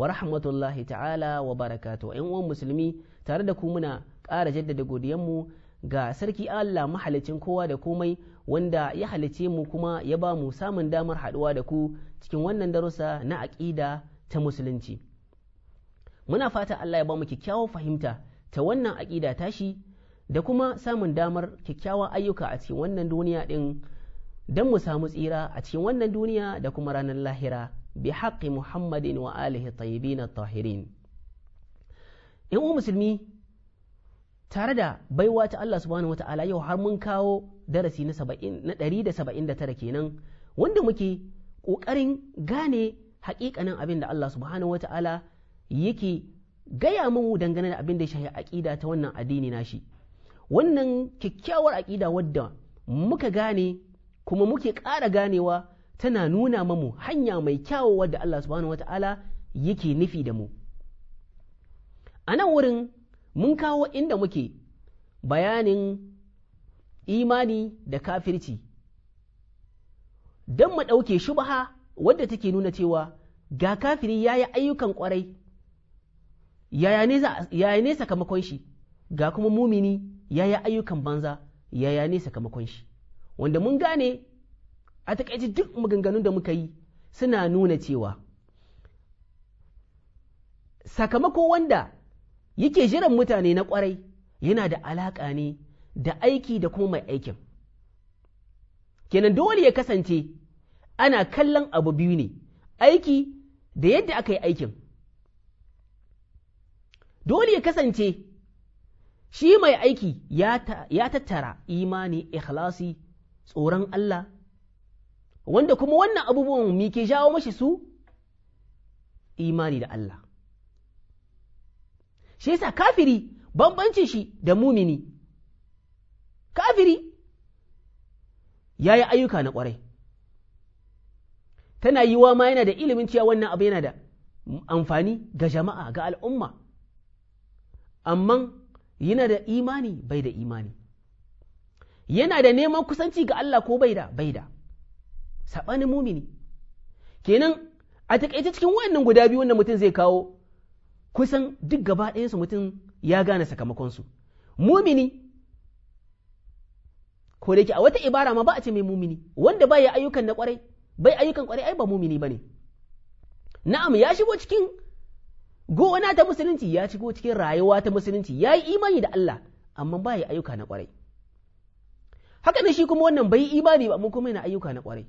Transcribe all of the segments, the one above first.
wa rahmatullahi ta'ala wa barakatu ‘yan uwan musulmi tare da ku muna ƙara jaddada mu ga sarki Allah mahalicin kowa da komai wanda ya halice mu kuma ya ba mu samun damar haɗuwa da ku cikin wannan darussa na aƙida ta musulunci muna fata Allah ya ba mu kyakkyawar fahimta ta wannan aƙida tashi da kuma samun damar kyakkyawan ayyuka a cikin wannan duniya ɗin don mu samu tsira a cikin wannan duniya da kuma ranar lahira Bi بحق محمد وآله الطيبين tahirin. in uwa musulmi tare da baiwa ta Allah subhanahu wata'ala yau har mun kawo darasi na 179 kenan wanda muke ƙoƙarin gane haƙiƙanin abin da Allah subhanahu wata'ala yake gaya mu dangane da abin da ya shahi aƙida ta wannan addini nashi wannan kyakkyawar aƙida wadda muka gane kuma muke ƙara ganewa tana nuna mamu hanya mai kyawo wadda Allah subhanahu wata'ala yake nufi da mu a nan wurin mun kawo inda muke bayanin imani da kafirci don mu ɗauke shubaha wadda take nuna cewa ga kafiri ya yi ayyukan ƙwarai yaya ne sakamakon shi ga kuma mumini ya yi ayyukan banza yaya ne sakamakon shi wanda mun gane a takaice duk maganganun da muka yi suna nuna cewa sakamako wanda yake jiran mutane na kwarai yana da alaƙa ne da aiki da kuma mai aikin kenan dole ya kasance ana kallon abu biyu ne aiki da yadda aka yi aikin dole ya kasance shi mai aiki ya tattara imani ikhlasi tsoron Allah wanda kuma wannan abubuwan mi ke jawo mashi su imani da Allah shi yasa kafiri bambancin shi da mumini kafiri ya yi ayyuka na kwarai tana yiwa ma yana da ilimin cewa wannan abu yana da amfani ga jama'a ga al'umma amma yana da imani bai da imani yana da neman kusanci ga Allah ko bai da bai da saɓanin mumini kenan a taƙaice cikin wayannan guda biyu wanda mutum zai kawo kusan duk gaba ɗayansu mutum ya gane sakamakonsu mumini ko da a wata ibara ma ba a ce mai mumini wanda ba ya ayyukan na kwarai bai ayyukan kwarai ai ba mumini bane na'am ya shigo cikin gona ta musulunci ya shigo cikin rayuwa ta musulunci ya yi imani da Allah amma ba ya ayyuka na kwarai haka ne shi kuma wannan bai imani ba mu kuma yana ayyuka na kwarai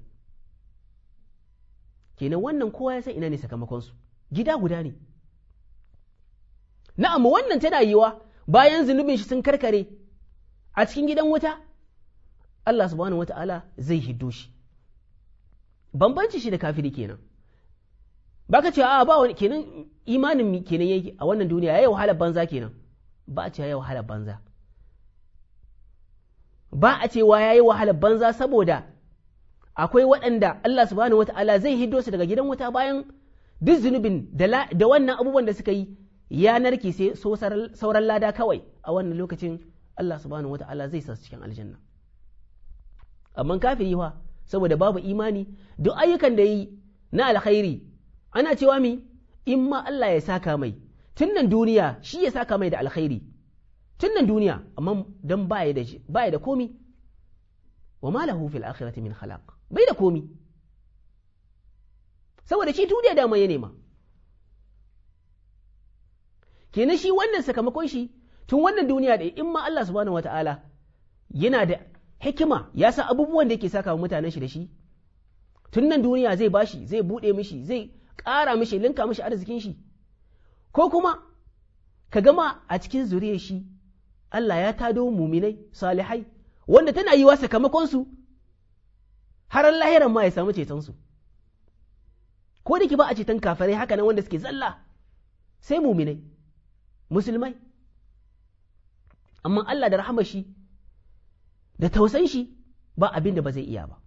kenan wannan kowa ya san ina ne sakamakon su. gida guda ne na'am wannan tana yiwa bayan zunubin shi sun karkare a cikin gidan wuta Allah subhanahu wata'ala zai hiddo shi bambanci shi da kafiri kenan baka cewa a ba wani kenan imanin kenan yake a wannan duniya yayi wahala banza kenan ba a ce yayi wahala banza ba a cewa yayi wahala banza saboda akwai waɗanda Allah subhanahu zai hiddo su daga gidan wuta bayan duk zunubin da wannan abubuwan da suka yi ya ki sai sauran lada kawai a wannan lokacin Allah subhanahu zai sa su cikin aljanna amma kafiri fa saboda babu imani duk ayyukan da yi na alkhairi ana cewa mi in ma Allah ya saka mai tun nan duniya shi ya saka mai da alkhairi tun nan duniya amma dan baya da komi wa ma lahu fil akhirati min khalaq bai da komi saboda shi duniya dama ya nema kenan shi wannan sakamakon shi tun wannan duniya da in ma Allah subhanahu wata'ala yana da hikima ya sa abubuwan da yake saka mutanen shi da shi tun nan duniya zai bashi zai bude mishi zai ƙara mishi linka mishi arzikin shi ko kuma ka gama a cikin zuriyar shi Allah ya tado muminai salihai wanda tana yiwa sakamakon su har lahiran ma ya samu cetonsu ko da ki ba a ceton kafirai haka nan wanda suke zalla sai muminai musulmai amma Allah da rahama shi da tausan shi ba abin da ba zai iya ba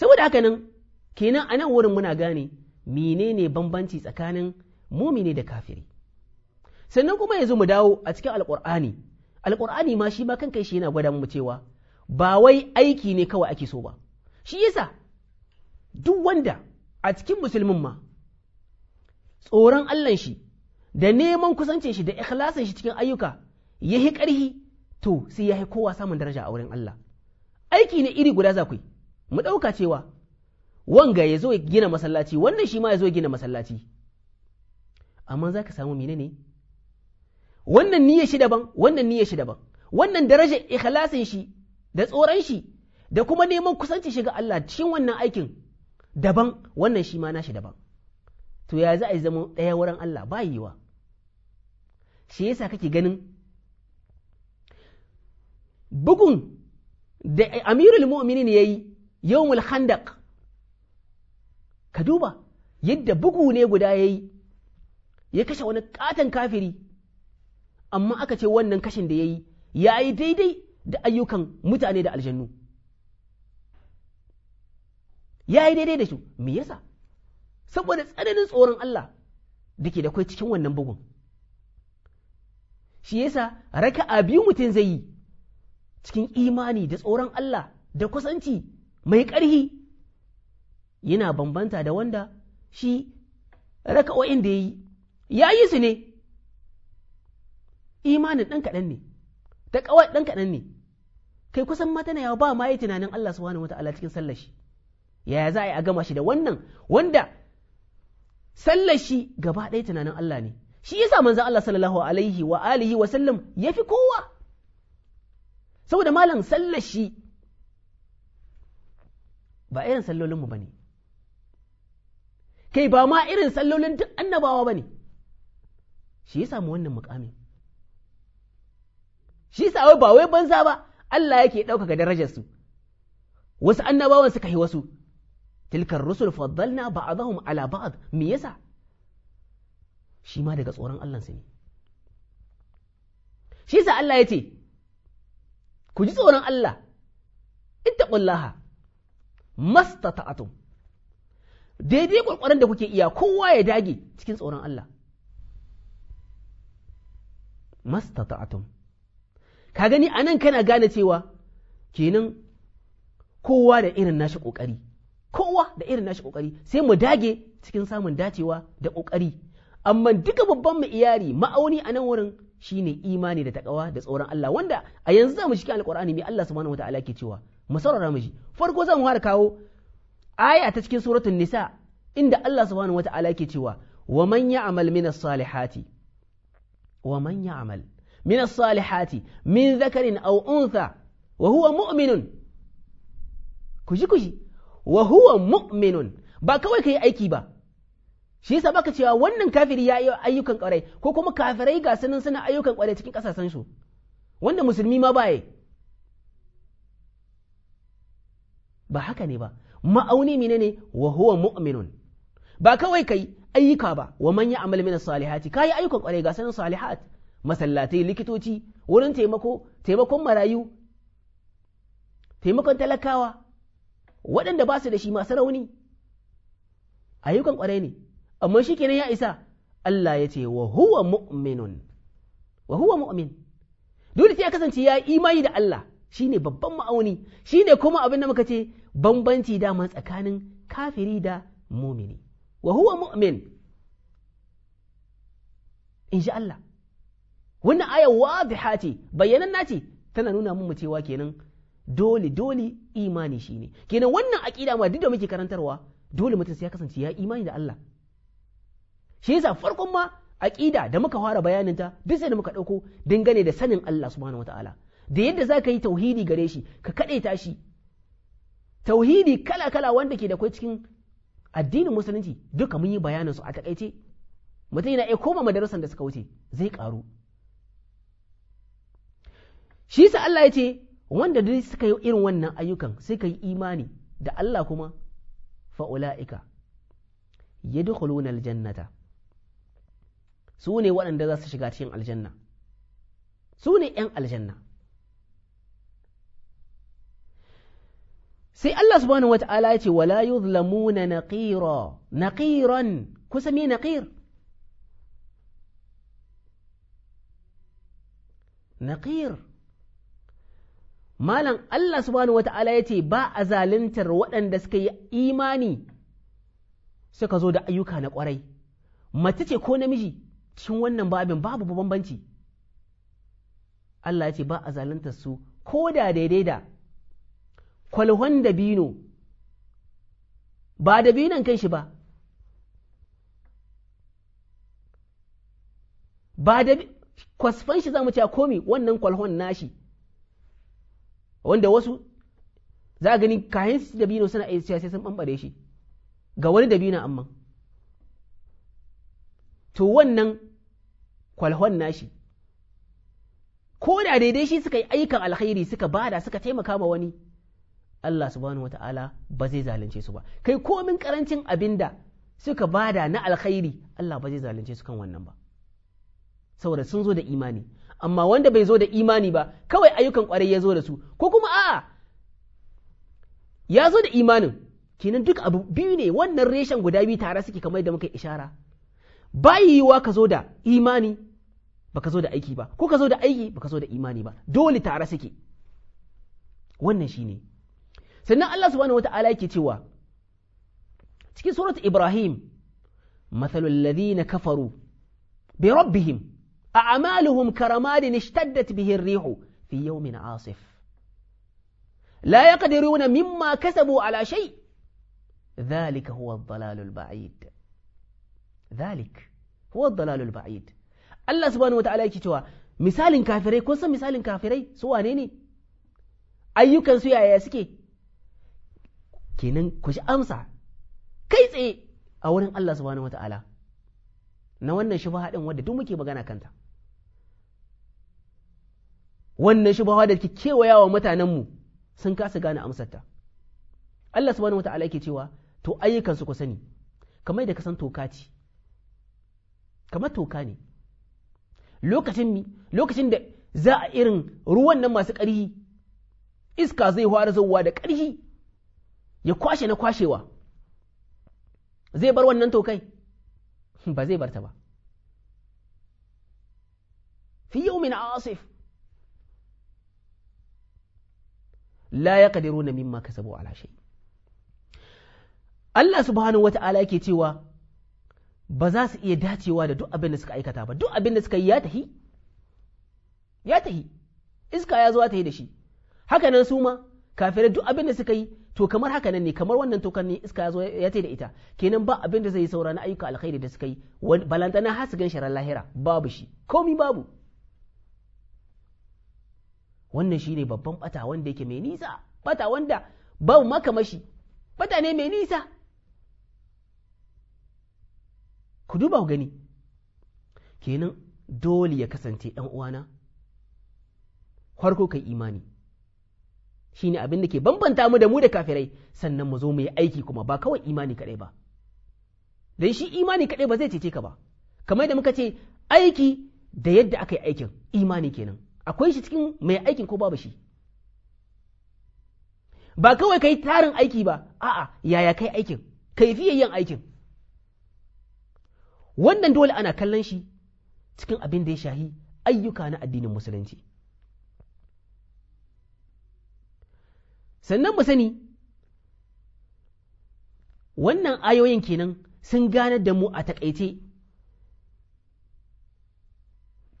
saboda haka nan kenan a nan wurin muna gane menene bambanci tsakanin mumini da kafiri sannan kuma yanzu mu dawo a cikin alƙur'ani alƙur'ani ma shi ba kan kai shi yana gwada mu cewa ba wai aiki ne kawai ake so ba shi yasa duk wanda a cikin musulmin ma tsoron Allah shi da neman kusancin shi da ikhlasin shi cikin ayyuka ya yi ƙarhi to sai ya yi kowa samun daraja a wurin Allah aiki ne iri guda za mu ɗauka cewa wanga ya zo ya gina masallaci wannan shi ma ya zo ya gina masallaci amma za ka samu menene wannan niyyar shi daban wannan niyyar shi daban wannan darajar ikhlasin shi da tsoron shi da kuma neman kusanci shiga Allah cikin wannan aikin daban wannan shi ma nashi daban to ya za a yi zama ɗaya wurin Allah ba yi wa. shi yasa kake ganin bugun da amirul mu'minin ya yi yawmul khandaq ka duba yadda bugu ne guda ya yi ya kashe wani katon kafiri amma aka ce wannan kashin da ya yi ya yi daidai da ayyukan mutane da aljannu ya yi daidai da su me yasa saboda tsananin tsoron Allah da ke da kwai cikin wannan bugun shi yasa raka'a biyu mutum zai yi cikin imani da tsoron Allah da kusanci mai ƙarhi yana bambanta da wanda shi raka'o'in da ya yi ya yi su ne imanin ɗan kaɗan ne ta kawai dan kaɗan ne kai kusan ma tana yawa ba ma yi tunanin Allah subhanahu wata'ala cikin sallar yaya za a yi a gama shi da wannan wanda sallar shi gaba ɗaya tunanin Allah ne shi yasa manzon Allah sallallahu alaihi wa alihi wa sallam yafi kowa saboda malam sallar shi ba irin sallolinmu ba ne kai ba ma irin sallolin duk annabawa ba ne shi ya samu wannan mukamin shi sa ba wai banza ba Allah yake ɗaukaka darajarsu wasu annabawan suka yi wasu tilkar rusul faddalna ba'dahum ala ba'd me yasa shi ma daga tsoron Allah ne shi sa Allah ya ce ku ji tsoron Allah masta mastata'atum daidai kwakwaran da kuke iya kowa ya dage cikin tsoron Allah mastata'atum ka gani a nan kana gane cewa kenan kowa da irin nashi ƙoƙari kowa da irin nashi ƙoƙari sai mu dage cikin samun dacewa da ƙoƙari amma duka babban mu iyali ma'auni a nan wurin shine imani da takawa da tsoron Allah wanda a yanzu zamu cikin alƙur'ani mai Allah subhanahu wataala ke cewa mu saurara mu ji farko zamu fara kawo aya ta cikin suratul nisa inda Allah subhanahu wataala ke cewa wa man ya'mal minas salihati wa man ya'mal من الصالحات من ذكر أو أنثى وهو مؤمن كجي كجي وهو مؤمن ba kawai ka yi aiki ba shi yasa baka cewa wannan kafiri ya yi ayyukan kwarai ko kuma kafirai ga sanin suna ayyukan kwarai cikin kasashen su wanda musulmi ma baye ba haka ne ba ma'auni menene wa huwa mu'minun ba kawai kai ayyuka ba wa man ya'mal min as-salihati kai ayyukan kwarai ga sanin salihat masallatai likitoci wurin taimako taimakon marayu taimakon talakawa waɗanda ba su da shi masu rauni ayyukan ƙwarai ne amma shi kenan ya isa Allah ya ce wa huwa mu'minun wa huwa mu'min dole sai ya kasance ya imani da Allah shine babban ma'auni shine kuma abin da muka ce bambanci dama tsakanin kafiri da mumini wa huwa mu'min in Allah wannan aya wadiha ce bayyananna ce tana nuna mu cewa kenan dole dole imani shine kenan wannan aqida ma duk da muke karantarwa dole mutum sai ya kasance ya imani da Allah shi yasa farkon ma aqida da muka fara bayanin ta duk sai da muka dauko dangane da sanin Allah subhanahu wataala da yadda za ka yi tauhidi gare shi ka kadaita shi tauhidi kala kala wanda ke da kai cikin addinin musulunci duka mun yi bayanin su a takaice mutum yana iya koma madarasan da suka wuce zai karu shi sa Allah ya ce wanda dai suka yi irin wannan ayyukan sai ka yi imani da Allah kuma fa'ula'ika ya aljannata su ne waɗanda za su shiga cikin aljanna su ne ‘yan aljanna sai Allah subhanahu wata'ala ya ce wala yuzlamuna na naqiran kusa me naqir naqir malam Allah subhanahu wata'ala ya ce ba a zaluntar waɗanda suka yi imani suka zo da ayyuka na ƙwarai mace ce ko namiji cikin wannan babin babu bambanci Allah ya ce ba a zaluntar su ko da daidai da kwalhon dabino ba dabinon kan shi ba ba da kwasfan shi za mu ce komi wannan kwalhon nashi wanda wasu za a gani kayan dabino suna iya siyasa sai sun ɓanɓare shi ga wani dabino amma to wannan kwalhon nashi ko da daidai shi suka yi aikan alkhairi suka bada suka taimaka ma wani Allah subhanahu wata'ala ba zai zalunce su ba kai komin karancin abinda suka bada na alkhairi Allah ba zai zalunce su kan wannan ba saboda sun zo da imani amma wanda bai zo da imani ba kawai ayyukan kwarai ya zo da su ko kuma a'a ya zo da imanin kenan duk abu biyu ne wannan reshen guda biyu tare suke kamar da muka ishara ba yiwuwa ka zo da imani ba ka zo da aiki ba ko ka zo da aiki ba ka zo da imani ba dole tare suke wannan shi ne. sannan Allah subhanahu wata'ala yake cewa cikin surat Ibrahim mathalul ladhina kafaru bi rabbihim أعمالهم كرماد اشتدت به الريح في يوم عاصف لا يقدرون مما كسبوا على شيء ذلك هو الضلال البعيد ذلك هو الضلال البعيد Allah subhanahu wataala yake cewa misalin kafirai kun san misalin kafirai su wane ne ayyukan yaya suke kenan ku amsa kai tsaye a wurin Allah subhanahu wataala na wannan shubha haɗin wanda muke magana kanta wannan shubawa da ke kewayawa mutanenmu sun kasa gane amsarta Allah subhanahu wata'ala yake cewa to ayyukansu ku sani kamar da ka san toka ce kamar toka ne lokacin mi lokacin da za a irin ruwan nan masu ƙarhi iska zai fara zauwa da ƙarhi ya kwashe na kwashewa zai bar wannan tokai ba zai barta ba fi yau min asif la ya kadiru na mimma ka ala shai Allah subhanahu wata'ala yake cewa ba za su iya dacewa da duk abin da suka aikata ba duk abin da suka yi ya tahi ya tahi iska ya zo ta yi da shi haka nan su ma kafin duk abin da suka yi to kamar haka nan ne kamar wannan tokan ne iska ya zo ya tahi da ita kenan ba abin da zai yi saura na ayyuka alkhairi da suka yi balantana har su gan lahira babu shi komi babu wannan shi ne babban bata wanda yake mai nisa bata wanda ba makamashi bata ne mai nisa ku duba ku gani kenan dole ya kasance ɗan uwana farko kai imani shine abin da ke bambanta mu da mu da kafirai sannan mu zo mu yi aiki kuma ba kawai imani kaɗai ba dan shi imani kaɗai ba zai cece ka ba kamar da muka ce aiki da yadda aka yi aikin imani kenan akwai shi cikin mai aikin ko babu shi ba kawai kai tarin aiki ba a'a yaya kai aikin kaifiyar yin aikin wannan dole ana kallon shi cikin abin da ya shahi ayyuka na addinin musulunci sannan mu sani wannan ayoyin kenan sun ganar da mu a takaice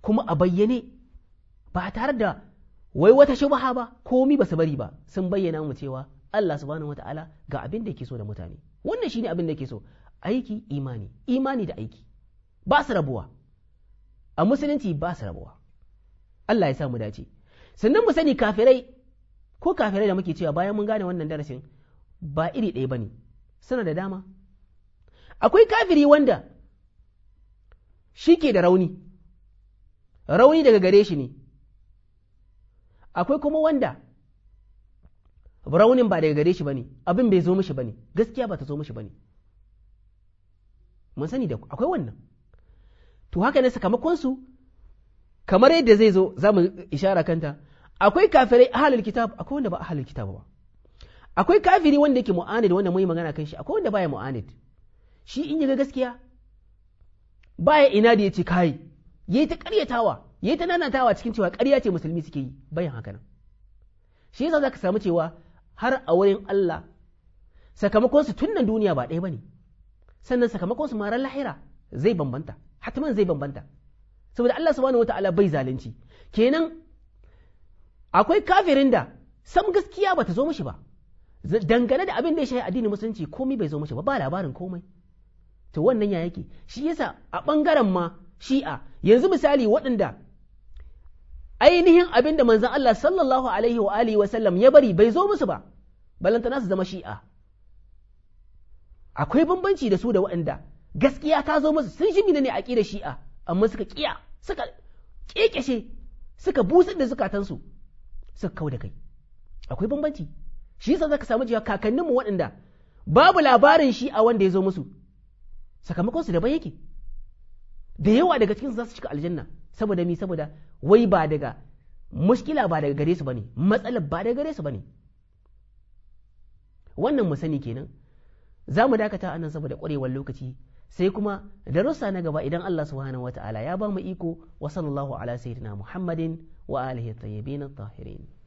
kuma a bayyane ba tare da wai wata shubaha ba komi ba su bari ba sun bayyana mu cewa Allah subhanahu wata'ala ga abin da yake so da mutane wannan shine abin da yake so aiki imani imani da aiki ba su rabuwa a musulunci ba su rabuwa Allah ya sa mu dace sannan mu sani kafirai ko kafirai da muke cewa bayan mun gane wannan darasin ba iri ɗaya bane suna da dama akwai kafiri wanda shi ke da rauni rauni daga gare shi ne akwai kuma wanda raunin ba daga gare shi bane abin bai zo mishi bane gaskiya ba ta zo mishi bane mun sani da akwai wannan to haka ne sakamakonsu kamar yadda zai zo za mu ishara kanta akwai kafirai ahalul kitab akwai wanda ba ahalul kitab ba akwai kafiri wanda yake mu'anid wanda mun yi magana kan shi akwai wanda baya mu'anid shi in yaga gaskiya baya ina da yace kai yayi ta karyatawa yayi ta nanatawa cikin cewa ƙarya ce musulmi suke yi bayan haka nan shi yasa zaka samu cewa har a wurin Allah sakamakon su duniya ba ɗaya bane sannan sakamakon su maran lahira zai bambanta hatman zai bambanta saboda Allah subhanahu wataala bai zalunci kenan akwai kafirin da sam gaskiya bata zo mishi ba dangane da abin da ya shahi addinin musulunci komai bai zo mishi ba ba labarin komai to wannan ya yake shi yasa a bangaren ma shi'a yanzu misali waɗanda ainihin abin da manzon Allah sallallahu alaihi wa alihi wa sallam ya bari bai zo musu ba balantana su zama shi'a akwai bambanci da su da waɗanda gaskiya ta zo musu sun shi ne a ƙi shi'a amma suka ƙiya suka ƙeƙeshe suka busar da zukatansu suka kau da kai akwai bambanci shi yasa zaka samu cewa kakanninmu waɗanda babu labarin shi'a wanda ya zo musu sakamakon su bai yake da yawa daga cikin za su cika aljanna saboda mi saboda wai ba daga mushkila ba daga gare su bane matsalar ba daga gare su bane wannan mu sani kenan za mu dakata nan saboda kwarewar lokaci sai kuma darussa na gaba idan Allah subhanahu wataala ya ba mu iko wa sallallahu ala sayyidina Muhammadin wa alihi tayyibin tahirin